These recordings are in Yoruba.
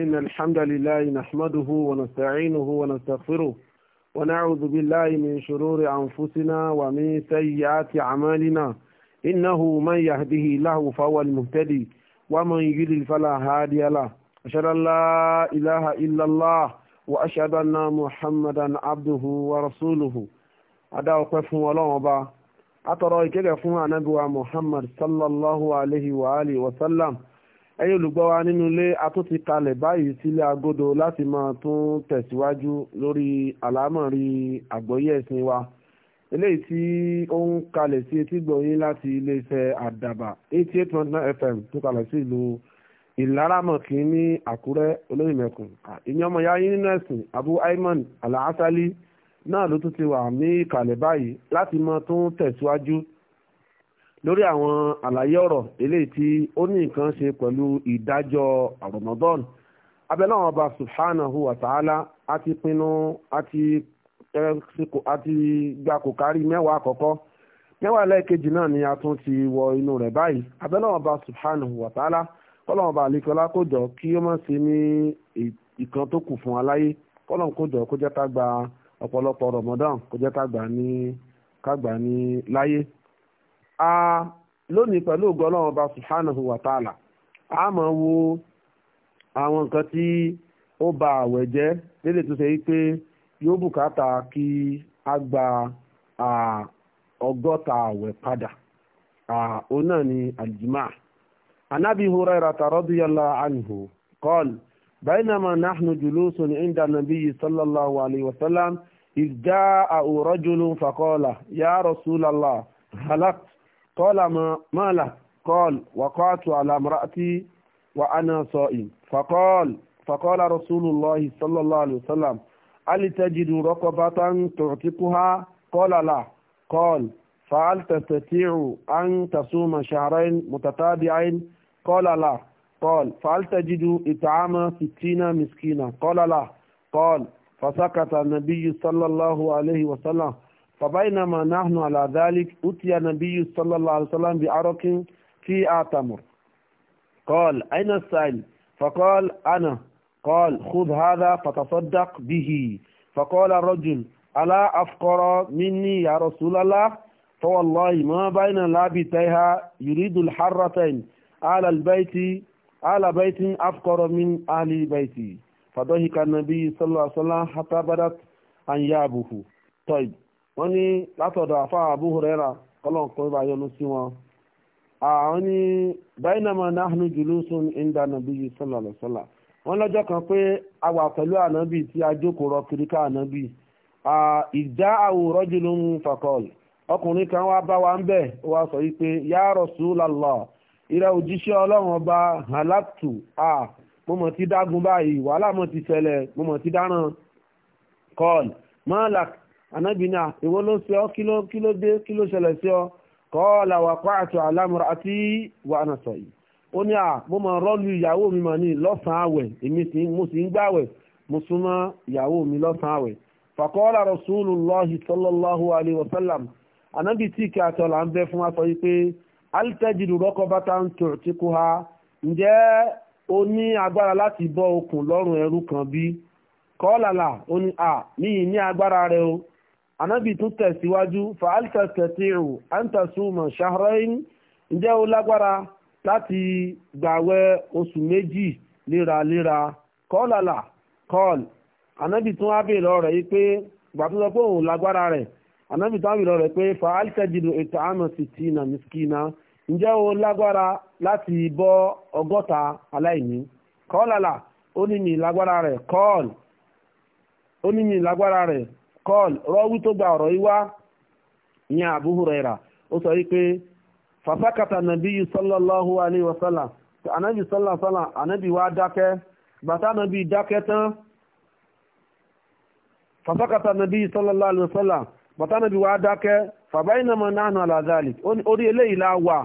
إن الحمد لله نحمده ونستعينه ونستغفره ونعوذ بالله من شرور أنفسنا ومن سيئات أعمالنا إنه من يهده له فهو المهتدي ومن يضلل فلا هادي له أشهد أن لا إله إلا الله وأشهد أن محمدا عبده ورسوله أدعو قفهم ولو أبا أترى كده محمد صلى الله عليه وآله وسلم ẹ̀yin olùgbọ́ wa nínú ilé a tún ti kalẹ̀ báyìí sílé agodo láti máa tún tẹ̀síwájú lórí àlámọ̀rí àgbọ́yé ẹ̀sìn wa eléyìí tí ó ń kalẹ̀ sí etí gbọ̀nyìn láti iléeṣẹ́ àdàbà eighty eight point nine fm tó kalẹ̀ sí ìlú ìlaramọ̀kì ní àkúrẹ́ olóyìnbẹ̀kùn ìyẹn ya yín nínú ẹ̀sìn abu ayman alahasali náà ló tún ti wà ní ìkàlẹ̀ báyìí láti máa tún tẹ̀síwájú lórí àwọn àlàyé ọ̀rọ̀ eléyìí tí ó ní nǹkan ṣe pẹ̀lú ìdájọ́ Ramadan abẹ́láwọn ọba subhanahu wa ta'ala a ti pinnu a ti gba kò kárí mẹ́wàá àkọ́kọ́ mẹ́wàá lẹ́ẹ̀kejì náà ni a tún ti wọ inú rẹ̀ báyìí abẹ́láwọn ọba subhanahu wa ta'ala kọ́lọ́n ọba àlekọ́lá kó jọ kí ó má ṣe ní ìkan tó kù fún aláyé kọ́lọ́n kó jọ kó jẹ́ ká gba ọ̀pọ̀lọpọ̀ Ramadan kó jẹ́ ká gbà ní láyé. a lónìí pẹ̀lú ògo Ọlọ́run ọba subhanahu wa ta'ala a máa wo àwọn nǹkan tí ó ba àwẹ̀ jẹ́ lélẹ̀ tó ṣe wípé yóò bùkátà kí a gba ọgọ́ta àwẹ̀ padà òun náà ni aljima anabi hurairata radiyallahu bainama nahnu julusun inda nabiyyi sallallahu alayhi wa sallam قال ما ما له قال وقعت على امرأتي وأنا صائم فقال فقال رسول الله صلى الله عليه وسلم هل تجد رقبة تعتقها قال لا قال فهل تستطيع أن تصوم شهرين متتابعين قال لا قال فهل تجد إطعام ستين مسكينا قال لا قال فسكت النبي صلى الله عليه وسلم فبينما نحن على ذلك أتي النبي صلى الله عليه وسلم بعرق في آتمر قال أين السائل فقال أنا قال خذ هذا فتصدق به فقال الرجل ألا أفقر مني يا رسول الله فوالله ما بين لابتيها يريد الحرتين على البيت على بيت أفقر من أهل بيتي فضحك النبي صلى الله عليه وسلم حتى بدت أنيابه طيب wọ́n ní látọ̀dọ̀ àfa Abu Huraira kọ́lọ́n sí wọn. àwọn ní bainama nahnu julusun inda nabiyyi sallallahu alaihi wasallam wọ́n kan pé a wà pẹ̀lú ànábì tí a jókòó rọ kiri ká ànábì ìjà àwò rajulun faqal kan wá bá wa ń bẹ̀ wá sọ wípé ya Rasulallah ìrẹ òjíṣẹ́ ọlọ́run ọba halatu a mo mọ̀ ti dágun báyìí wàhálà ti ṣẹlẹ̀ mo mọ̀ ti dáràn kọ́ọ̀lù anábì náà ìwọ ló ṣe kilo kí ló dé kí ló ṣẹlẹ̀ wà pààtó àlámùrà àti wà ánà sọ yìí ó ní à mo máa rọ́ọ̀lù ìyàwó mi mà ní lọ́sàn-án àwẹ̀ èmi mo sì ń gbàwẹ̀ mo súnmọ́ ìyàwó mi lọ́sàn-án àwẹ̀ wa sallam anabi tí kí là ń bẹ fún wa sọ alitajidu ń ha ǹjẹ́ o ní agbára láti bọ́ okùn lọ́rùn ẹrú kan bí là ó ní anábì tún tẹ̀síwájú fàálítà kẹtìrù àǹtàsùmọ̀ ṣahrain ǹjẹ́ ó lágbára láti gbàwẹ̀ oṣù méjì léraléra kọ́ọ̀làlà kọ́ọ̀l anábì tún á bèèrè ọ̀rọ̀ yìí pé gbàtúnṣe pé òun lágbára rẹ̀ anábì tún á bèèrè ọ̀rọ̀ pé fàálítà jìnnà ètò àmọ̀ sí ti nà mìsíkìnà ǹjẹ́ lágbára láti bọ́ ọgọ́ta aláìní ó ní mi lágbára rẹ̀ ó ní mi lágbára rẹ̀ kọl rọ́wí tó gba ọ̀rọ̀ yìí ní Abu Huraira ó sọ wípé fàṣàkàtà nàbí sallallahu alayhi wa sallam ànábì sallallahu sallam wá dákẹ́ bàtà nàbí dákẹ́ tán fàṣàkàtà nàbí sallallahu alayhi bàtà nàbí wá dákẹ́ ala orí eléyìí la wà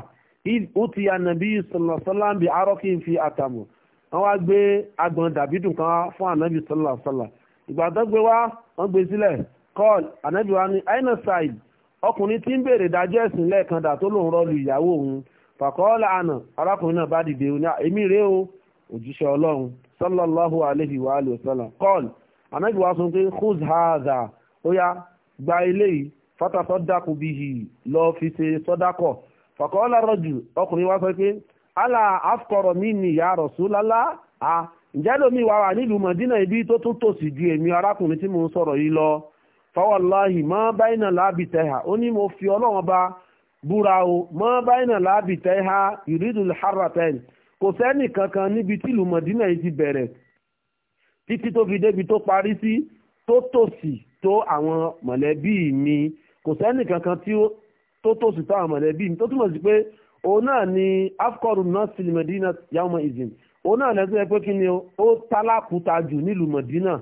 ó ti ya nàbí sallallahu sallam bí arọ́kì fi àtàmù wọ́n wá gbé agbọ̀n ìgbà tó gbé wá wọ́n gbé sílẹ̀ kọ́ọ̀lù ànábì wa ní aina side ọkùnrin tí ń béèrè dájọ́ ẹ̀sìn lẹ́ẹ̀kan dà tó lòun rọ́ọ̀lù ìyàwó òun fàkọ́ọ́lá àná arákùnrin náà bá dìde ní èmi rèé o òjíṣẹ́ ọlọ́run sallallahu alayhi wa alayhi wa sallam kọ́ọ̀lù ànábì sọ pé haza gba eléyìí fata sọ́dákù bihi lọ fi ṣe sọ́dákọ̀ fàkọ́ọ́lá rọ́jù ọkùnrin wa sọ pé allah afkọ̀rọ̀ mi ni a. ǹjẹ́ lómi wà wà nílùú mọ̀dínà ibi tó tún tòsí ju èmi arákùnrin tí mo ń sọ̀rọ̀ yìí lọ fọwọ́láhì mọ́ báyìí náà láàbì tẹ́hà ó ní mo fi ọlọ́run bá búra o mọ́ báyìí náà láàbì tẹ́hà ìrídùn harratain kò sẹ́nì kankan níbi tí ìlú mọ̀dínà yìí ti bẹ̀rẹ̀ títí tó fi débi tó parí sí tó tòsí tó àwọn mọ̀lẹ́bí mi kò sẹ́nì kankan tí tó tòsí tó àwọn mọ̀lẹ́bí mi tó túmọ̀ sí pé òun náà ni afkọrù náà sílùmọ̀dínà yàwọn òun náà lẹ́sìn ẹ pé kí ni ó tálákùúta jù nílùú mọ̀dínà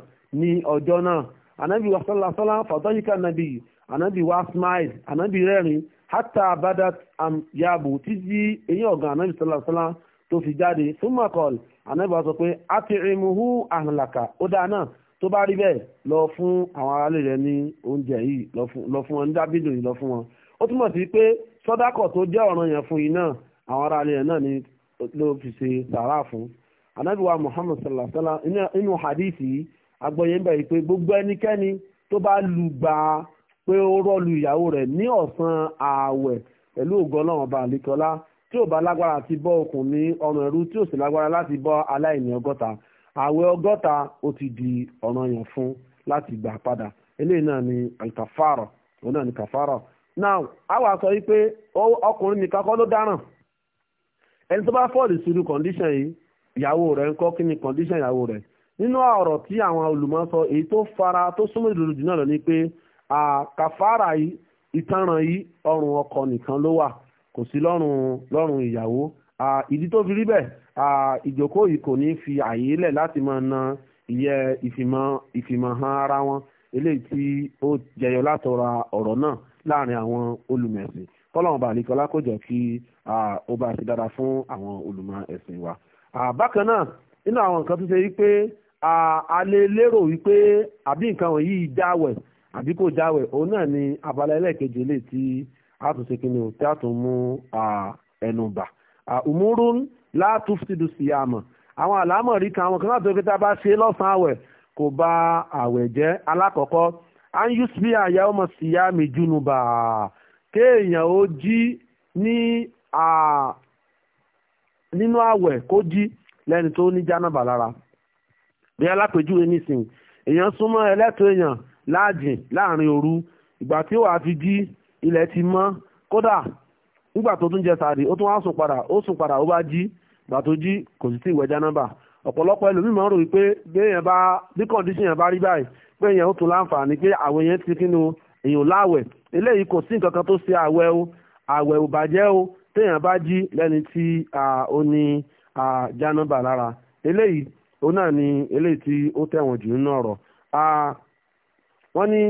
ní ọjọ́ náà ànábì wasálàsálà fàtọ́yíká nàbì ànábì wa smile ànábì rẹ́rìn hata badat am yabu títí eyín ọ̀gàn ànábì sálàsálà tó fi jáde súnmọ́kọ̀l ànábì wa sọ pé àtìrìmùhù àhànlàkà ó dáa náà tó bá rí bẹ́ẹ̀ lọ fún àwọn aráàlú rẹ ní oúnjẹ yìí lọ fún wọn ní dábìlì yìí lọ fún wọn ó túmọ̀ sí pé sọ́dákọ̀ tó jẹ́ ọ̀ranyàn fún yìí náà àwọn aráàlú rẹ náà ni ló fi ṣe sàrà fún anabi wa muhammad sallallahu alaihi wasallam inú hadithi agbọ̀yé ń bẹ̀rẹ̀ pé gbogbo ẹnikẹ́ni tó bá lu gba pé ó rọ́ọ̀lù ìyàwó rẹ̀ ní ọ̀sán ààwẹ̀ pẹ̀lú ògùn ọlọ́run ọba àlekọ́lá tí ò bá lágbára àti bọ́ okùn ní ọrùn ẹ̀rú tí ò sì lágbára láti bọ́ aláìní ọgọ́ta ààwẹ̀ ọgọ́ta ó ti di ọ̀ranyàn fún láti gbà padà eléyìí náà ni alkafaro òun náà ni kafaro now a wá sọ wípé ọkùnrin nìkan kọ́ ló dáràn ẹni tó bá fọ́ọ̀lì sínú kọ̀ǹdíṣàn yìí ìyàwó rẹ̀ ń kọ́ kí ni condition ìyàwó rẹ̀ nínú ọ̀rọ̀ tí àwọn olùmọ̀ sọ èyí tó fara tó súnmọ́ ìdòdò jù náà lọ ni pé kàfàrà yìí ìtanràn yìí ọrùn ọkọ nìkan ló wà kò sí lọ́rùn lọ́rùn ìyàwó ìdí tó fi rí bẹ́ẹ̀ ìjókòó yìí kò ní fi àyè lẹ̀ láti máa na ìyẹ ìfìmọ̀ ìfìmọ̀ ara wọn eléyìí tí ó jẹyọ látọ̀ra ọ̀rọ̀ náà láàrin àwọn olùmẹ̀sìn kọ́lọ́run bá nìkọ́lá kò jẹ́ kí ó bá ṣe dára fún àwọn olùmọ̀ ẹ̀sìn wa. bákan náà nínú àwọn nǹkan tó ṣe wípé a lè lérò wípé àbí nǹkan wọ̀nyí jáwẹ̀ àbí kò jáwẹ̀ òun náà ni abala ẹlẹ́ẹ̀kejì lè ti àtúnṣe kínní tí a tún mú ẹnu bà. umurun látúfìdù sí àmọ̀ àwọn àlámọ̀rí kan àwọn kan náà tó kété bá ṣe lọ́sàn-án àwẹ̀ kò bà àwẹ̀ jẹ́ alákọ̀ọ́kọ́ anyusbi àyà ọmọ kéèyàn ó jí ní nínú àwẹ̀ kó jí lẹ́ni tó ní jánàbà lára bí alápèjúwe nísìnyí èèyàn súnmọ́ ẹlẹ́tọ̀ èèyàn láàjìn láàrin òru ìgbà tí ó wà fi jí ilẹ̀ ti mọ́ kódà nígbà tó tún jẹ sààrì ó tún wá sùn padà ó sùn padà ó bá jí ìgbà tó jí kò sì tí ìwẹ̀ jánàbà ọ̀pọ̀lọpọ̀ ẹlòmíì máa ń rò wípé bí èèyàn bá bí kọ̀ǹdíṣìn yẹn bá rí báyìí pé èèyàn ó tún láǹfààní pé àwọn èèyàn ti kínú èèyàn láwẹ̀ eléyìí kò sí nǹkan kan tó ṣe àwẹ̀ o àwẹ̀ ò bàjẹ́ o téèyàn bá jí lẹ́ni tí ó ní jánábà lára eléyìí òun náà ni eléyìí tí ó tẹ̀wọ̀n jù nínú ọ̀rọ̀ wọ́n ní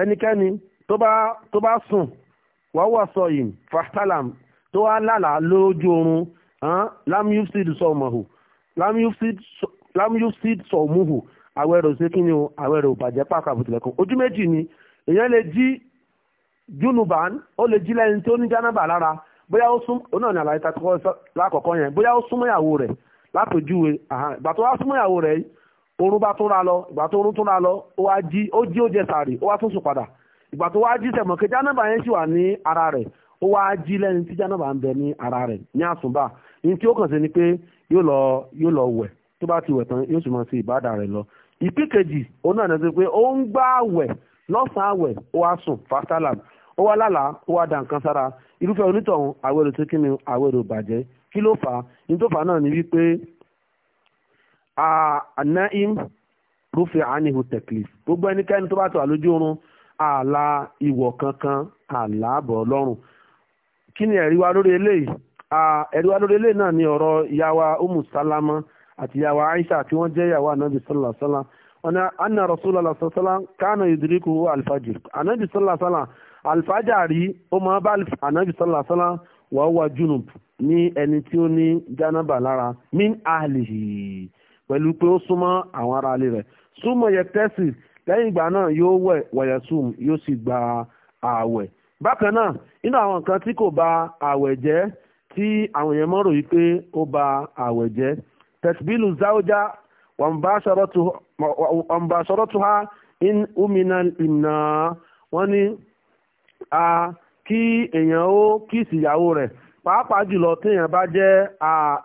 ẹnikẹ́ni tó bá sùn wọ́n wọ̀ sọ yìí fàtàlàm tó wá lálàá lójú oorun lam sọmọhù lam sọmọhù àwẹ̀ rẹ̀ ò ṣe kí ni o àwẹ̀ rẹ̀ ò bàjẹ́ pàkà àbùtìlẹ̀kùn ojú méjì ni èèyàn lè jí júnùbán ó lè jí lẹ́yìn tí ó ní jánábà lára bóyá ó sún ó náà ní àlàyé takọ́ lákọ̀ọ́kọ́ yẹn bóyá ó súnmọ́ ìyàwó rẹ̀ lápèjúwe ìgbà tó wá súnmọ́ ìyàwó rẹ̀ oorun bá tún ra lọ ìgbà tó oorun tún ra lọ ó wá jí ó jí ó jẹ sàárì ó wá tún sùn padà ìgbà tó wá jí sẹ̀mọ̀ kí jánábà yẹn sì wà ní ara rẹ̀ ó wá jí lẹ́yìn tí jánábà ń bẹ ní ara rẹ̀ ní àsùnbà ní tí ó kàn sí ni pé yóò lọ yóò lọ wẹ̀ tó bá ti wẹ̀ tán yóò sì mọ̀ sí ìbádà rẹ̀ lọ ìpín kejì òun náà ní pé ó ń gbá àwẹ̀ lọ́sàn-án àwẹ̀ ó wá sùn fastalam ó wá lálàá ó wá da nǹkan sára irúfẹ́ onítọ̀hún àwẹ̀ tó kí ni àwẹ̀ bàjẹ́ kí ló fà á ní tó fà á gbogbo ẹnikẹ́ni tó bá tó àlójú oorun kankan ààlà àbọ̀ ọlọ́run kí ni ẹ̀rí wa lórí eléyìí ẹ̀rí àti ìyàwó Aisha tí wọ́n jẹ́ ìyàwó anabi sallallahu alaihi wasallam ọ̀nà anna rasulallah sallallahu alaihi wasallam kánà yudriku alfajir anabi sallallahu alaihi wasallam alfajari ó máa bá anabi sallallahu alaihi wasallam wa huwa junub ní ẹni tí ó ní janaba lára min ahlihi pẹ̀lú pé ó súnmọ́ àwọn ará ilé rẹ̀ súnmọ́ yẹ tẹ́sì lẹ́yìn ìgbà náà yóò wẹ̀ wọ̀yẹ̀sùn yóò sì gba ààwẹ̀ bákan náà nínú àwọn nǹkan tí kò bà ààwẹ̀ jẹ́ tí àwọn èèyàn mọ̀ rò yìí pé ó bà ààwẹ̀ jẹ́ tẹ̀síbílù záújá wàmbàṣọ́rọ́tùhá in umina ìnà wọ́n ní a kí èèyàn ó kíìsì ìyàwó rẹ̀ pàápàá jùlọ téèyàn bá jẹ́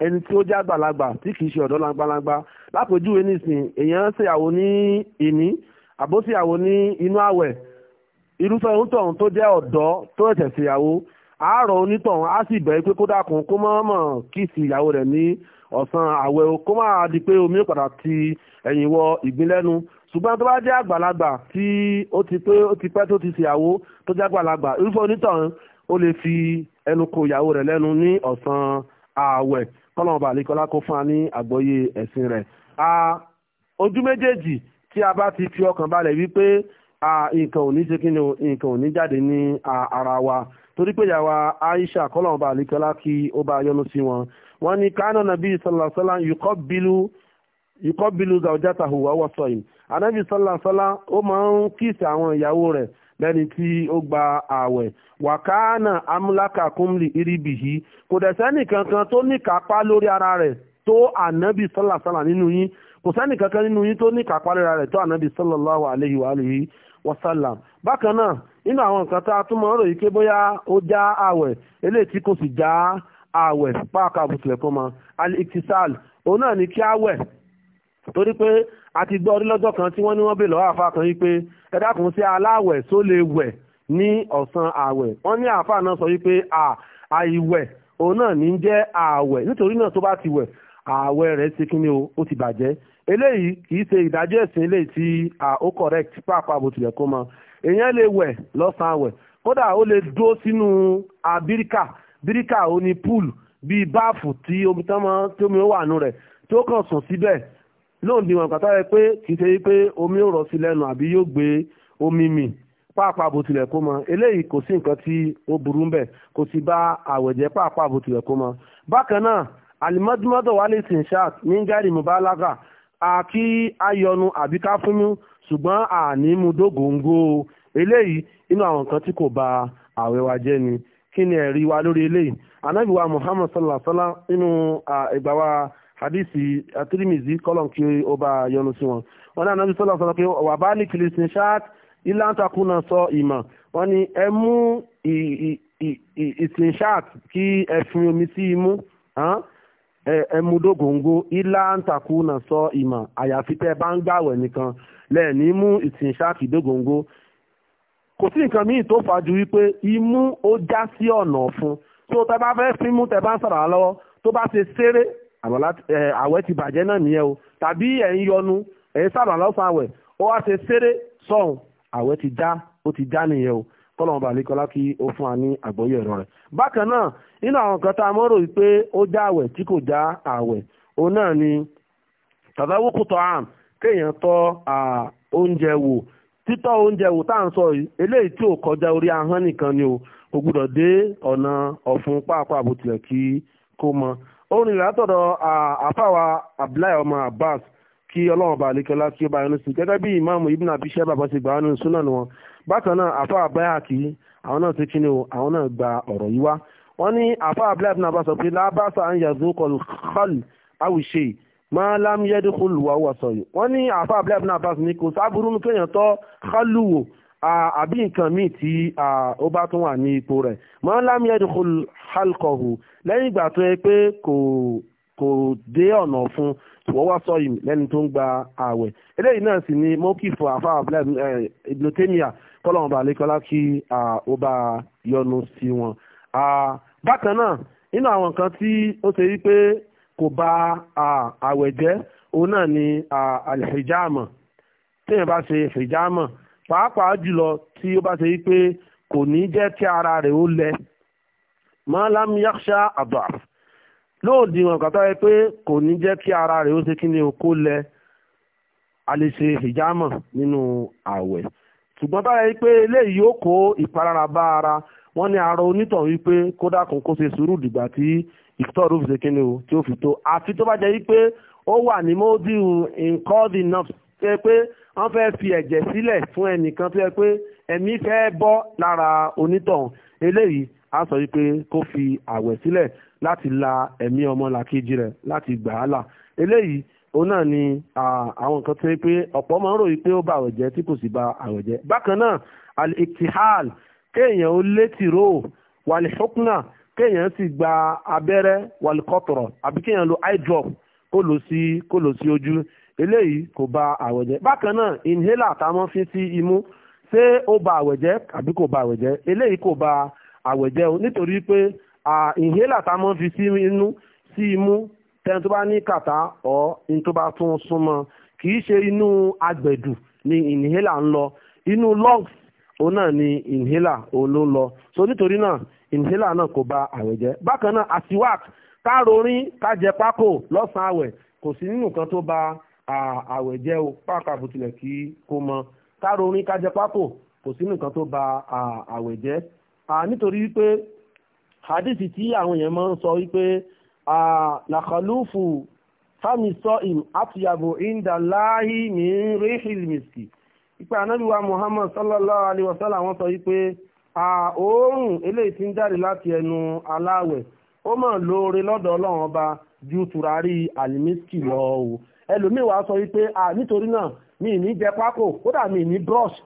ẹni tí ó jẹ́ àgbàlagbà tí kìí ṣe ọ̀dọ́ langbalangba lápèjúwe nísìn èèyàn ṣèyàwó ní ìní àbóṣèyàwó ní inú àwẹ̀ irúfẹ́ onítọ̀hún tó jẹ́ ọ̀dọ́ tó ẹ̀tẹ̀ ṣèyàwó àárọ̀ onítọ̀hún á sì bẹ̀ẹ́ pé kó dákun kó mọ̀ọ́mọ̀ kíìsì ìyàwó rẹ̀ ní ọ̀sán àwẹ̀ o kó máa di pé omi padà ti ẹ̀yìn wọ ìgbínlẹ́nu ṣùgbọ́n tó bá jẹ́ àgbàlagbà tí ó ti pé ó ti pẹ́ tó ti ṣèyàwó tó jẹ́ àgbàlagbà irúfẹ́ onítàn ó lè fi ẹnu kò ìyàwó rẹ̀ lẹ́nu ní ọ̀sán àwẹ̀ kọ́lọ́mọba àlekọ́lá kó fún wa ní àgbọ́yé ẹ̀sìn rẹ̀ ojú méjèèjì tí a bá ti fi ọkàn balẹ̀ wípé nǹkan ò ní ṣe kíni o nǹkan ò ní jáde ní ara wa torí pé ìyàwó Aisha kọ́lọ́mọba àlekọ́lá kí ó bá yọ́nú sí wọn wọ́n ní kánà nàbí sọ̀làsọ́lá yukọ́bílù zawjatahu wa huwa sọ̀yìn anábì sọ̀làsọ́lá ó máa ń kíìsì àwọn ìyàwó rẹ̀ lẹ́ni tí ó gba ààwẹ̀ wàkánà amúlákà kúmlì iribìhí kò dẹ̀ sẹ́nì kankan tó ní kápá lórí ara rẹ̀ tó ànábì sọ̀làsọ́lá nínú yín kò sẹ́nì kankan nínú yín tó ní kápá lórí ara rẹ̀ tó ànábì sallallahu alayhi wa alihi wasalam bákan náà nínú àwọn nǹkan tá a tún mọ̀ ọ́rọ̀ yìí bóyá ó já ààwẹ̀ eléyìí tí kò sì já àwẹ̀ páàkà bùtùlẹ̀ kó mọ al-iktisal òun náà ni kí àwẹ̀ torí pé a ti gbọ́ orílọ́jọ́ kan tí wọ́n ní wọ́n bè lọ́wọ́ àfa kan yìí pé ẹ dákun sí aláwẹ̀ tó lè wẹ̀ ní ọ̀sán àwẹ̀ wọ́n ní àfa náà sọ wípé à àìwẹ̀ òun náà ní jẹ́ àwẹ̀ nítorí náà tó bá ti wẹ̀ àwẹ̀ rẹ̀ ti kí ni o ó ti bàjẹ́ eléyìí kì í ṣe ìdájọ́ ẹ̀sìn eléyìí tí ó correct pàápàá bó tilẹ̀ kó mọ èèyàn lè wẹ̀ lọ́sàn-án àwẹ̀ kódà ó lè dúró sínú abíríkà bíríkà ó ní púùlù bíi báàfù tí omi tí omi wà nù rẹ̀ tí ó kàn sùn síbẹ̀ lóun dìwọ̀n pàtó rẹ pé kì í ṣe pé omi ó rọ̀ sí lẹ́nu àbí yóò gbé omi mì pàápàá bó tilẹ̀ kó mọ eléyìí kò sí nǹkan tí ó burú mbẹ̀ kò sì bá àwẹ̀ pàápàá bó tilẹ̀ kó mọ. bákan náà alimọ́dúnmọ́dọ̀ wálé sinshat ní gẹ́rì mubalaga àti ayọnu àbí káfúnmú ṣùgbọ́n àní mu dógóńgó eléyìí inú àwọn nǹkan tí kò bà àwẹ̀ ni kí ni ẹ̀rí wa lórí eléyìí anábì wa muhammad sallallahu alaihi wa sallam nínú ìgbà wa hadisi atirimizi kọlọm kí ó bá yọ́nú sí wọn wọn ní anábì sallallahu alaihi wa sallam pé wà bá ní kìlìsìn ṣáàt ìlàntakùnà sọ ìmọ̀ wọn ni ẹ mú ìsìn ṣáàt kí ẹ fi omi sí imú ẹmúdógóńgó ìlàntakùnà sọ ìmọ̀ àyàfi tẹ́ bá ń gbàwẹ̀ nìkan lẹ́ẹ̀ ní mú ìsìn ṣáàt ìdógóńgó kò sí nǹkan míì tó fà ju wípé imú ó já sí ọ̀nà fún tí o tẹ́ bá fẹ́ símú tẹ́ bá ń sọ̀rọ̀ lọ́wọ́ tó bá ṣe ṣeré àwẹ̀ ti bàjẹ́ náà nìyẹn o tàbí ẹ̀ ń yọnu ẹ̀ ń sàrọ̀ lọ́sàn àwẹ̀ ó wá ṣe ṣeré sọ̀hún àwẹ̀ ti já ó ti já nìyẹn o kọ́lọ́mọba àlékọ́lá kí ó fún wa ní àgbọ́yé ẹ̀rọ rẹ̀. bákan náà nínú àwọn nǹkan tá a mọ̀ rò wípé ó já àwẹ̀ tí kò já àwẹ̀ òun náà ni tàdáwó kùtọ̀ àm kéèyàn tọ́ oúnjẹ wò títọ́ oúnjẹ wò tá à ń sọ yìí eléyìí tí ò kọjá orí ahọ́n nìkan ni o kò gbúdọ̀ dé ọ̀nà ọ̀fun pàápàá àbòtilẹ̀ kí kó mọ. orin ìlàtọ̀dọ̀ àfàwà abdullahi ọmọ abbas kí ọlọ́run bá àlékẹ́ láti ọba ẹnu sí gẹ́gẹ́ bí ìmáàmù ibn abi sheba bá ti gbà wọn nínú súnà wọn bákan náà àfà àbáyà kí àwọn náà ti kíni o àwọn náà gba ọ̀rọ̀ yìí wá wọ́n ní àfà abdullahi ibn abbas sọ pé lábàṣà ń yàgò kọlù khal awùṣe máa lám yẹ́dúkúlù wà wà sọ̀yọ̀ wọ́n ní àfa abúlé abúlé abúlé ní kò sábúrú ní kéèyàn tọ́ kálùwò àbí nǹkan míì tí ó bá tún wà ní ipò rẹ̀ máa lám yẹ́dúkúlù halkọ̀hù lẹ́yìn ìgbà tó yẹ pé kò kò dé ọ̀nà fún wọ́n wá sọ yìí lẹ́ni tó ń gba ààwẹ̀ eléyìí náà sì ni mọ́kì fún àfa abúlé Ibn Taymiyyah kọ́lọ́mọba kí ó bá yọnu sí wọn. bákan náà nínú àwọn nǹkan tí ó ṣe wípé kò bá àwẹ̀ jẹ́ òun náà ni alhijama téèyàn bá ṣe hijama pàápàá jùlọ tí ó bá ṣe wípé kò ní jẹ́ tí ara rẹ̀ ó lẹ malam yaksha adaf lóòdìwọ̀n kàtà yẹ pé kò ní jẹ́ kí ara rẹ̀ ó ṣe kí ni okó lẹ a lè ṣe hijama nínú àwẹ̀ ṣùgbọ́n tára yìí pé eléyìí yóò kó ìpalára bá ara wọ́n ní ara onítàn wípé kódà kan kó ṣe sùúrù dìgbà tí ìtọ́rù fi ṣe kíni o tí ó fi tó àfi tó bá jẹ́ wípé ó wà ní mọ́ọ́dìrún nǹkan ọ̀dìn náà tó yẹ pé wọ́n fẹ́ fi ẹ̀jẹ̀ sílẹ̀ fún ẹnìkan tó yẹ pé ẹ̀mí fẹ́ bọ́ lára onítọ̀hún eléyìí á sọ wípé kó fi àwẹ̀ sílẹ̀ láti la ẹ̀mí ọmọlàkejì rẹ̀ láti gbà á là eléyìí òun náà ni àwọn nǹkan tó yẹ pé ọ̀pọ̀ máa ń ròyìn pé ó ba àwẹ̀ jẹ́ tí kò sì ba àwẹ̀ jẹ́ bákan náà al kéèyàn ó létí róò wàlẹ̀ ṣókùnà kéèyàn sì gba abẹ́rẹ́ wàlúkọ́tọ̀rọ̀ àbí kéèyàn lo eye drop kó lò sí kó lò sí ojú eléyìí kò ba àwẹ̀ jẹ́ bákan náà inhaler tá a mọ́ fi sí imú ṣé ó ba àwẹ̀ jẹ́ àbí kò ba àwẹ̀ jẹ́ eléyìí kò ba àwẹ̀ jẹ́ o nítorí pé inhaler tá a mọ́ fi sí inú sí imú tẹ́ni tó bá ní kàtá ọ̀ ní tó bá tún súnmọ́ kì í ṣe inú agbẹ̀dù ni inhaler ń lọ inú lungs òun náà ni inhaler òun ló ń lọ so nítorí náà inhaler náà kò ba àwẹ̀ jẹ́ bákan náà asiwak ká rorin ká jẹ lọ́sàn-án àwẹ̀ kò sí nínú nǹkan tó ba àwẹ̀ jẹ́ o pákà bó tilẹ̀ kí kó mọ ká rorin ká jẹ kò sí nínú nǹkan tó ba àwẹ̀ jẹ́ nítorí wípé hadith tí àwọn èèyàn máa ń sọ wípé làkàlùfù fámi sọ ìm àtìyàbò ìndàláhì ní rèhìl ìpè ànábìwá Muhammad sallallahu alayhi wa sallam wọ́n sọ wípé. A eléyìí tí ń jáde láti ẹnu aláwẹ̀ ó mọ̀ lóore lọ́dọ̀ ọlọ́run ọba ju tùràrí àlìmísìkì lọ o ẹlòmíì wàá sọ wípé nítorí náà mi ì ní jẹ pákó kódà mi ì ní brush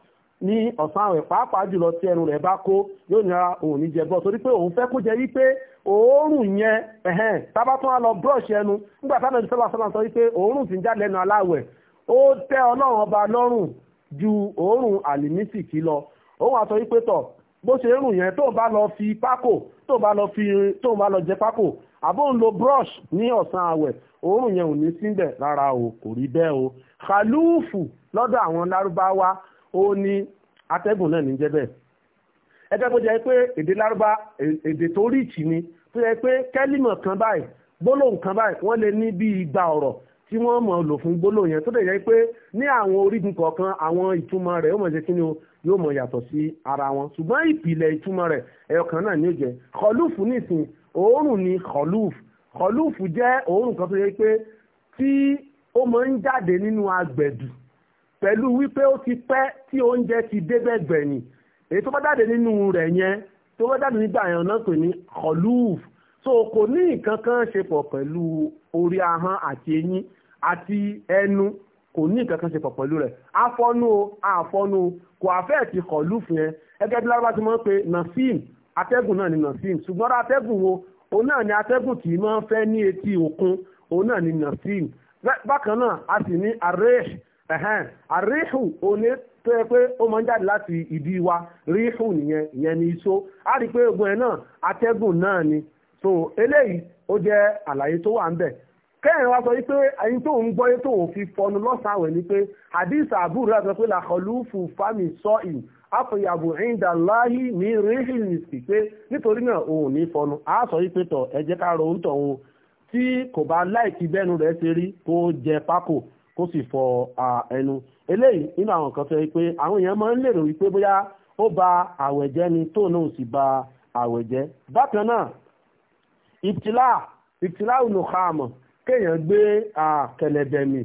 ní ọ̀sán àwẹ̀ pàápàá jùlọ tí ẹnu rẹ̀ bá kó yóò nira òun ní jẹ brush torí pé òun fẹ́ kó jẹ wípé lọ brush ẹnu nígbà táwọn ẹni sábà sábà sọ wípé ń jáde aláwẹ̀ ó ju oorun àlìmísìkì lọ òun wípé tọ̀ bó ṣe ń rùn yẹn tó ń bá lọ fi pákò tó ń bá lọ fi tó ń bá lọ jẹ pákò àbó ń lo brush ní ọ̀sán àwẹ̀ òórùn yẹn ò ní síbẹ̀ rárá o kò rí bẹ́ẹ̀ o kàlúùfù lọ́dọ̀ àwọn lárúbáwá ó ní atẹ́gùn náà ní jẹ́ ẹgbẹ́ bó jẹ́ pé èdè lárúbá èdè tó ríìtì ni tó jẹ́ pé kẹ́límọ̀ kan báyìí gbólóhùn kan báyìí wọ́n lè ní bí igba ọ̀rọ̀ tí wọ́n mọ̀ lò fún gbólóhùn yẹn tó dẹ̀ jẹ́ pé ní àwọn orígun kọ̀ọ̀kan àwọn ìtumọ̀ rẹ̀ ó mọ̀ jẹ́ kí ni o yóò mọ yàtọ̀ sí ara wọn ṣùgbọ́n ìpìlẹ̀ ìtumọ̀ rẹ̀ ẹ̀yọkàn náà ní òjẹ́ kọlúùfù nìsín òórùn ni kọlúùfù kọlúùfù jẹ́ òórùn kan tó yẹ pé tí ó mọ ń jáde nínú agbẹ̀dù pẹ̀lú wípé ó ti pẹ́ tí oúnjẹ ti débẹ̀ gbẹ̀yìn èyí tó bá jáde nínú rẹ̀ yẹn tó bá jáde nígbà yẹn náà pè ní kọlúùfù so kò ní nǹkan kan ṣe pọ̀ pẹ̀lú orí ahọ́n àti eyín àti ẹnu kò ní nǹkan kan ṣe pọ̀ pẹ̀lú rẹ̀ afọ́nú o àfọ́nú kò àfẹ́ ti kọ̀ lùfún yẹn ẹgẹ́ bí lárúbá ti pé nasim atẹ́gùn náà ni nasim ṣùgbọ́n atẹ́gùn wo òun náà ni atẹ́gùn tí máa ń fẹ́ ní etí òkun òun náà ni nasim bákan náà a sì ní areh arehu òní tó yẹ pé ó máa ń jáde láti ìdí wa rihu nìyẹn ìyẹn ni iṣó a rí i pé ogun ẹ̀ náà atẹ́gùn náà ni so eléyìí ó jẹ́ àlàyé tó wà ń bẹ̀ kẹ́yìn wá sọ wípé ẹyin tó ń gbọ́yé tó ń fi fọnu lọ́sàn-án àwẹ̀ ni pé hadith àbúrò rẹ̀ sọ pé làkọlùfù fami sọ ì àfọyàbò ìndà láàyè ní rìhìlìsì pé nítorí náà òun ní fọnu á sọ wípé tọ̀ ẹ jẹ́ ká ro òǹtọ̀ òun tí kò bá láìkí bẹ́nu rẹ̀ ṣe rí kó jẹ pákò kó sì fọ ẹnu eléyìí nínú àwọn kan fẹ́ pé àwọn èèyàn máa ń lérò wípé bóyá ó ba àwẹ̀ ni tóun náà sì ba àwẹ̀ jẹ́ bákan náà ìtìlá ìtìlá ònà kéèyàn gbé kẹ̀lẹ̀bẹ̀ mi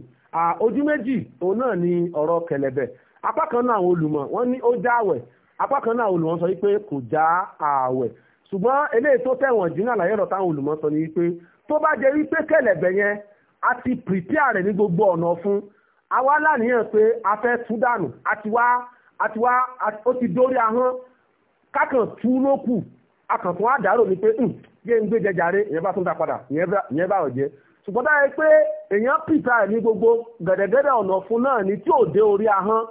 ojú méjì òun náà ni ọ̀rọ̀ kẹ̀lẹ̀bẹ̀ apá kan náà àwọn olùmọ̀ ní ó já àwẹ̀ apá kan náà àwọn olùmọ̀ sọ wípé kò já ṣùgbọ́n eléyìí tó tẹ̀wọ̀n jù náà láyé táwọn sọ ni wípé tó bá jẹ́ wípé kẹ̀lẹ̀bẹ̀ yẹn a ti prepare rẹ̀ ní gbogbo ọ̀nà fún àwa láníyàn pé a fẹ́ tú dànù àti wá àti ó ti dórí ahọ́n kákan tú ló ni pé yé ṣùgbọ́n dáa pé èèyàn pìtà ní gbogbo gẹ̀dẹ̀gẹ̀dẹ̀ ọ̀nà fún náà ni tí ò dé orí ahọ́n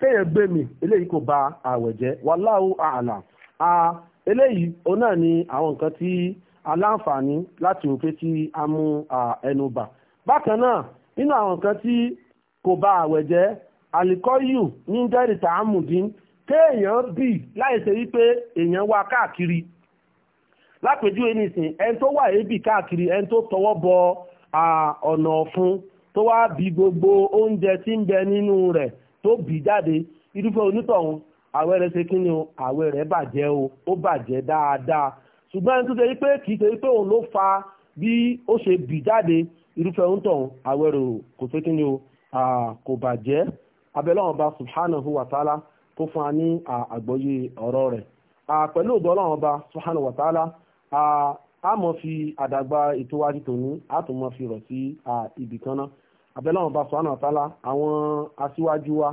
téèyàn gbé mi eléyìí kò ba àwẹ̀ jẹ́ wallahu a'lam a eléyìí òun náà ni àwọn nǹkan tí aláǹfààní láti rò pé tí a mú ẹnu bà bákan náà nínú àwọn nǹkan tí kò ba àwẹ̀ jẹ́ àlìkọ́yù ní gẹ́rì tààmùdín kéèyàn bì láìṣe wípé èèyàn wá káàkiri lápèjúwe nìsín ẹni tó wà ébì káàkiri ẹni tó tọwọ́ bọ ọ̀nà ọ̀fun tó wá bí gbogbo oúnjẹ tí ń bẹ nínú rẹ̀ tó bí jáde irúfẹ́ onítọ̀hún àwẹ̀ rẹ̀ ṣe kí ni o àwẹ̀ rẹ̀ bàjẹ́ o ó bàjẹ́ dáadáa ṣùgbọ́n ẹni tó ṣe pé kì í ṣe pé òun ló fa bí ó ṣe bí jáde irúfẹ́ onítọ̀hún àwẹ̀ rẹ̀ kò ṣe kí ni o kò bàjẹ́ abẹ́lọ́wọ̀n ba subhanahu wa ta'ala kó fún wa ní àgbọ́yé ọ̀rọ̀ rẹ̀ pẹ̀lú ògbọ́ ọlọ́run subhanahu wa ta'ala a mọ̀ fi àdàgbà ètò wa títò ní a tún mọ̀ fi rọ̀ sí ibì kan náà abẹ́lẹ́wọ̀n bá sọ àná àtàlà àwọn aṣíwájú wa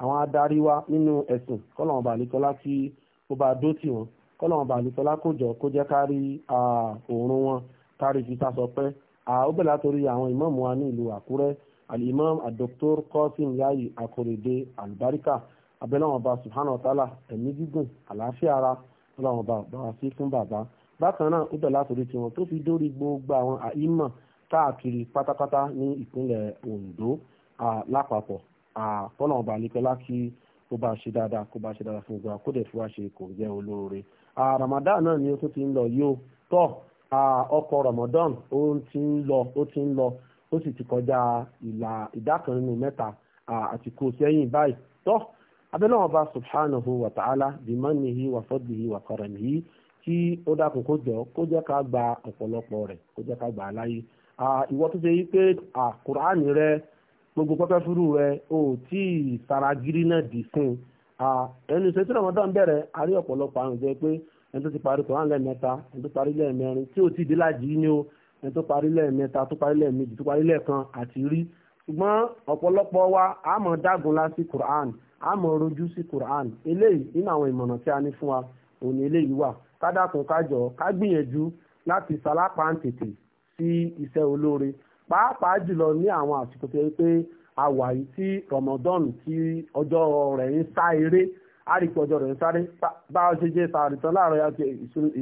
àwọn adarí wa nínú ẹ̀sìn kọ́lọ́wọ̀n bá àlékọ́lá kí ó bá dó tì wọ́n kọ́lọ́wọ̀n bá àlékọ́lá kó jọ kó jẹ́ kárí òórùn wọn kárí fi sásọ pẹ́ ó bẹ̀rẹ̀ látòrí àwọn ìmáàmù wa ní ìlú àkúrẹ́ alimam adoktor kọ́sìn yayi akorede alibarika abẹ́lẹ́wọ̀n bá subhanahu wa ta'ala ẹ̀mí gígùn àlàáfíà ara ọlọ́wọ̀n bá bá wa sí fún bàbá bákan náà ó dọ̀lá torí tiwọn tó fi dórí gbogbo àwọn àìmọ̀ káàkiri pátápátá ní ìpínlẹ̀ Ondo lápapọ̀ àkọ́nà ọba àlekẹ́lá kí kó bá ṣe dáadáa kó bá ṣe dáadáa fún gbogbo àkódẹ̀ tí wàá kò jẹ́ olóore. Ramadan náà ni ó tún ti ń lọ yìí tọ́ ọkọ̀ Ramadan ó ti ń lọ ó ti ń lọ ó sì ti kọjá ìlà ìdá kan nínú mẹ́ta àti kò sẹ́yìn báyìí tọ́ abẹ́lẹ́wọ̀n bá subhanahu wa ta'ala bimanihi wa fadlihi wa karamihi kí ó dákun kó jọ kó jẹ́ ká gba ọ̀pọ̀lọpọ̀ rẹ̀ kó jẹ́ ká gbà á láyé ìwọ tó ṣe yí pé àkùránì rẹ gbogbo pẹ́pẹ́ fúru rẹ ò tí ì saragiri náà dì fún un ẹnu ìṣe tí ramadan bẹ̀rẹ̀ a rí ọ̀pọ̀lọpọ̀ àrùn jẹ́ pé ẹni tó ti parí kùránì lẹ́ẹ̀mẹ́ta ẹni tó parí lẹ́ẹ̀mẹ́rin tí ò tí ì dé láàjì ní o ẹni tó parí lẹ́ẹ̀mẹ́ta tó parí lẹ́ẹ̀mejì tó parí lẹ́ẹ̀kan àti rí ṣùgbọ́n ọ̀pọ̀lọpọ̀ wa a mọ̀ dágunlá sí kùránì a mọ̀ rojú sí kùránì eléyìí nínú àwọn ìmọ̀ràn tí a ní fún wa òun eléyìí wà kádàkùn kájọ ká gbìyànjú láti salápá ń tètè sí iṣẹ́ olóore pàápàá jùlọ ní àwọn àsìkò tó yẹ pé àwà yìí tí Ramadan tí ọjọ́ rẹ̀ ń sá eré àríkò ọjọ́ rẹ̀ ń sáré bá ọ ṣe jẹ́ sàárì tán láàárọ̀ yàtọ̀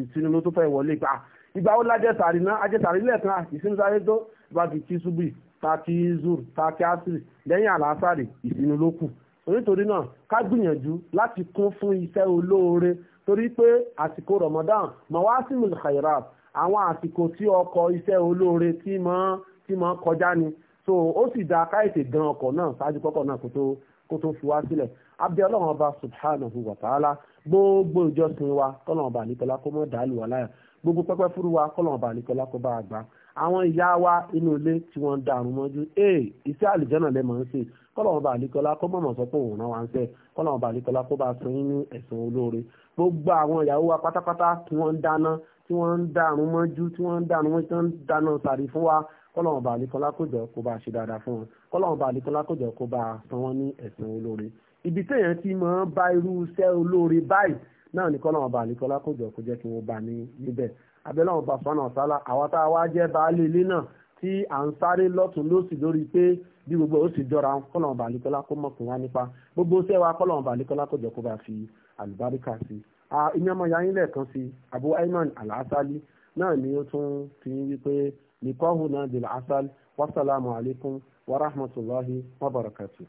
ìsinmi tó fẹ́ wọlé pa ìgbà wo lájẹ́ náà ajẹ́ lẹ́ẹ̀kan ìsinmi sáré tó bá ti kí ṣubú ta zur ta asiri lẹ́yìn àlàásàrì ìsinmi ló kù nítorí náà ká gbìyànjú láti kún fún iṣẹ́ olóore torí pé àsìkò Ramadan mawasimul khairat àwọn àsìkò tí ọkọ̀ iṣẹ́ olóore tí mọ́ tí mọ́ kọjá ni so ó sì da káyọ̀tì gan ọkọ̀ náà ṣáájú kọ́kọ́ náà kó tó kó tó fi wá sílẹ̀ abẹ́ ọlọ́run ọba subhanahu wa ta'ala gbogbo ìjọsìn wa kọ́lọ́run ọba àlìkọ́lá kó mọ́ dàálù wà láyà gbogbo pẹ́pẹ́ fúru wa kọ́lọ́run ọba àlìkọ́lá kó bá a gbà àwọn ìyá wa inú ilé tí wọ́n ń darun mọ́jú ee iṣẹ́ àlùjọ́nà lẹ́mọ̀ ń ṣe kọ́lọ́wọ́n bá àlékọ́lá kó mọ̀mọ̀ sọ pé òun náà wá ń sẹ́ kọ́lọ́wọ́n bá àlékọ́lá kó bá san yín ní ẹ̀san olóore gbogbo àwọn ìyàwó wa pátápátá tí wọ́n ń dáná tí wọ́n ń dàrú mọ́jú tí wọ́n ń dàrú mọ́jú tí wọ́n ń dáná sàrí fún wa kọ́lọ́wọ́n bá àlékọ́lá kó jọ kó bá ṣe dáadáa fún wọn kọ́lọ́wọ́n bá àlékọ́lá kó jọ kó bá san wọ́n ní ẹ̀san olóore ibi téèyàn ti máa bá irú iṣẹ́ olóore báyìí náà ní kọ́lọ́wọ́n bá àlékọ́lá kó jọ kó jẹ́ kí wọ́n bá ní níbẹ̀ abẹ́lẹ́wọ̀n bá sọ́nà ọ̀sálà àwọn tá wá jẹ́ baálé ilé náà tí à ń sáré lọ́tún lósì lórí pé bí gbogbo ó sì jọra kọ́lọ̀ bàálíkọ́lá kó mọ̀ fún wa nípa gbogbo sẹ́wà kọ́lọ̀ bàálíkọ́lá kó jọ kó bá fi àlùbáríkà sí i ìyẹn ọmọ yayin lẹ́ẹ̀kan sí Abu Ayman al-Asali náà ni ó tún fi ń wípé nìkọ́hùn náà dìlà asal wasalaamu wa rahmatulahi wa barakatuh.